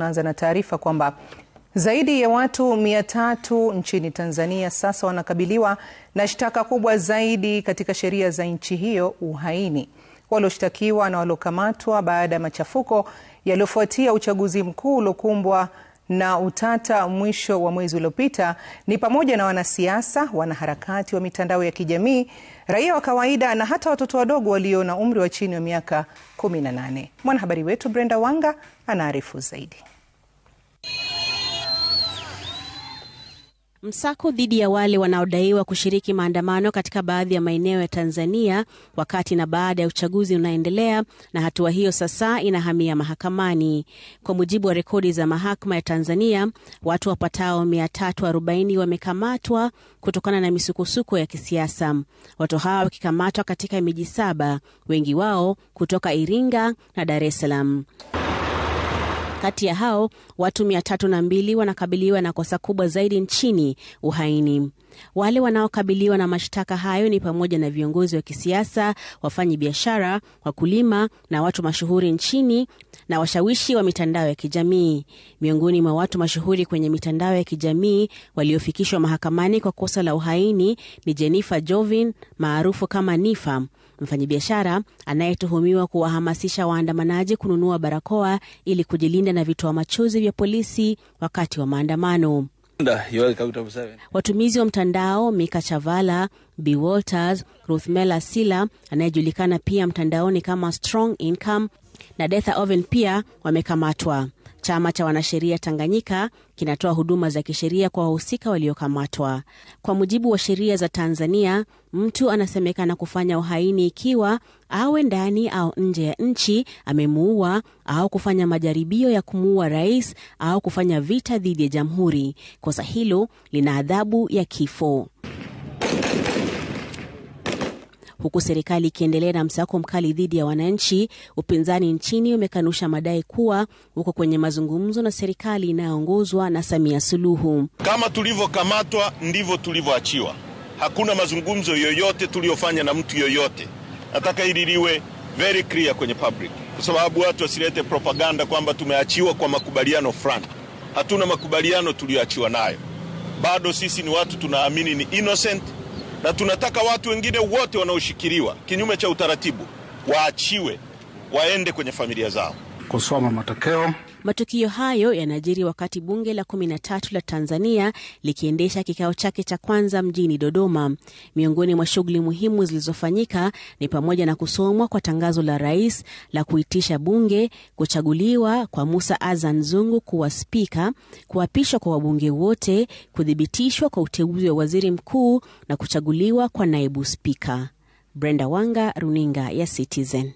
tunaanza na taarifa kwamba zaidi ya watu mia tatu nchini Tanzania sasa wanakabiliwa na shtaka kubwa zaidi katika sheria za nchi hiyo, uhaini. Walioshtakiwa na waliokamatwa baada ya machafuko yaliyofuatia uchaguzi mkuu uliokumbwa na utata mwisho wa mwezi uliopita ni pamoja na wanasiasa, wanaharakati wa mitandao ya kijamii, raia wa kawaida na hata watoto wadogo walio na umri wa chini wa miaka 18. Mwanahabari wetu Brenda Wanga anaarifu zaidi. Msako dhidi ya wale wanaodaiwa kushiriki maandamano katika baadhi ya maeneo ya Tanzania wakati na baada ya uchaguzi unaendelea na hatua hiyo sasa inahamia mahakamani. Kwa mujibu wa rekodi za mahakama ya Tanzania, watu wapatao 340 wamekamatwa kutokana na misukosuko ya kisiasa. Watu hawa wakikamatwa katika miji saba, wengi wao kutoka Iringa na Dar es Salaam. Kati ya hao watu mia tatu na mbili wanakabiliwa na kosa kubwa zaidi nchini, uhaini. Wale wanaokabiliwa na mashtaka hayo ni pamoja na viongozi wa kisiasa, wafanyi biashara, wakulima na watu mashuhuri nchini na washawishi wa mitandao ya kijamii. Miongoni mwa watu mashuhuri kwenye mitandao ya kijamii waliofikishwa mahakamani kwa kosa la uhaini ni Jennifer Jovin maarufu kama Nifa, mfanyabiashara anayetuhumiwa kuwahamasisha waandamanaji kununua barakoa ili kujilinda na vitoa machozi vya polisi wakati wa maandamano. Watumizi wa mtandao Mika Chavala, B Walters, Ruthmela Sila anayejulikana pia mtandaoni kama Strong Income na Detha Oven pia wamekamatwa. Chama cha wanasheria Tanganyika kinatoa huduma za kisheria kwa wahusika waliokamatwa. Kwa mujibu wa sheria za Tanzania, mtu anasemekana kufanya uhaini ikiwa awe ndani au nje ya nchi amemuua au kufanya majaribio ya kumuua rais au kufanya vita dhidi ya jamhuri. Kosa hilo lina adhabu ya kifo huku serikali ikiendelea na msako mkali dhidi ya wananchi. Upinzani nchini umekanusha madai kuwa uko kwenye mazungumzo na serikali inayoongozwa na Samia Suluhu. Kama tulivyokamatwa ndivyo tulivyoachiwa. Hakuna mazungumzo yoyote tuliyofanya na mtu yoyote. Nataka hili liwe very clear kwenye public, kwa sababu watu wasilete propaganda kwamba tumeachiwa kwa makubaliano fulani. Hatuna makubaliano tuliyoachiwa nayo. Bado sisi ni watu tunaamini ni innocent na tunataka watu wengine wote wanaoshikiliwa kinyume cha utaratibu waachiwe waende kwenye familia zao kusoma matokeo. Matukio hayo yanajiri wakati bunge la kumi na tatu la Tanzania likiendesha kikao chake cha kwanza mjini Dodoma. Miongoni mwa shughuli muhimu zilizofanyika ni pamoja na kusomwa kwa tangazo la rais la kuitisha bunge, kuchaguliwa kwa Musa Azan Zungu kuwa spika, kuapishwa kwa wabunge wote, kuthibitishwa kwa uteuzi wa waziri mkuu na kuchaguliwa kwa naibu spika. Brenda Wanga, runinga ya Citizen.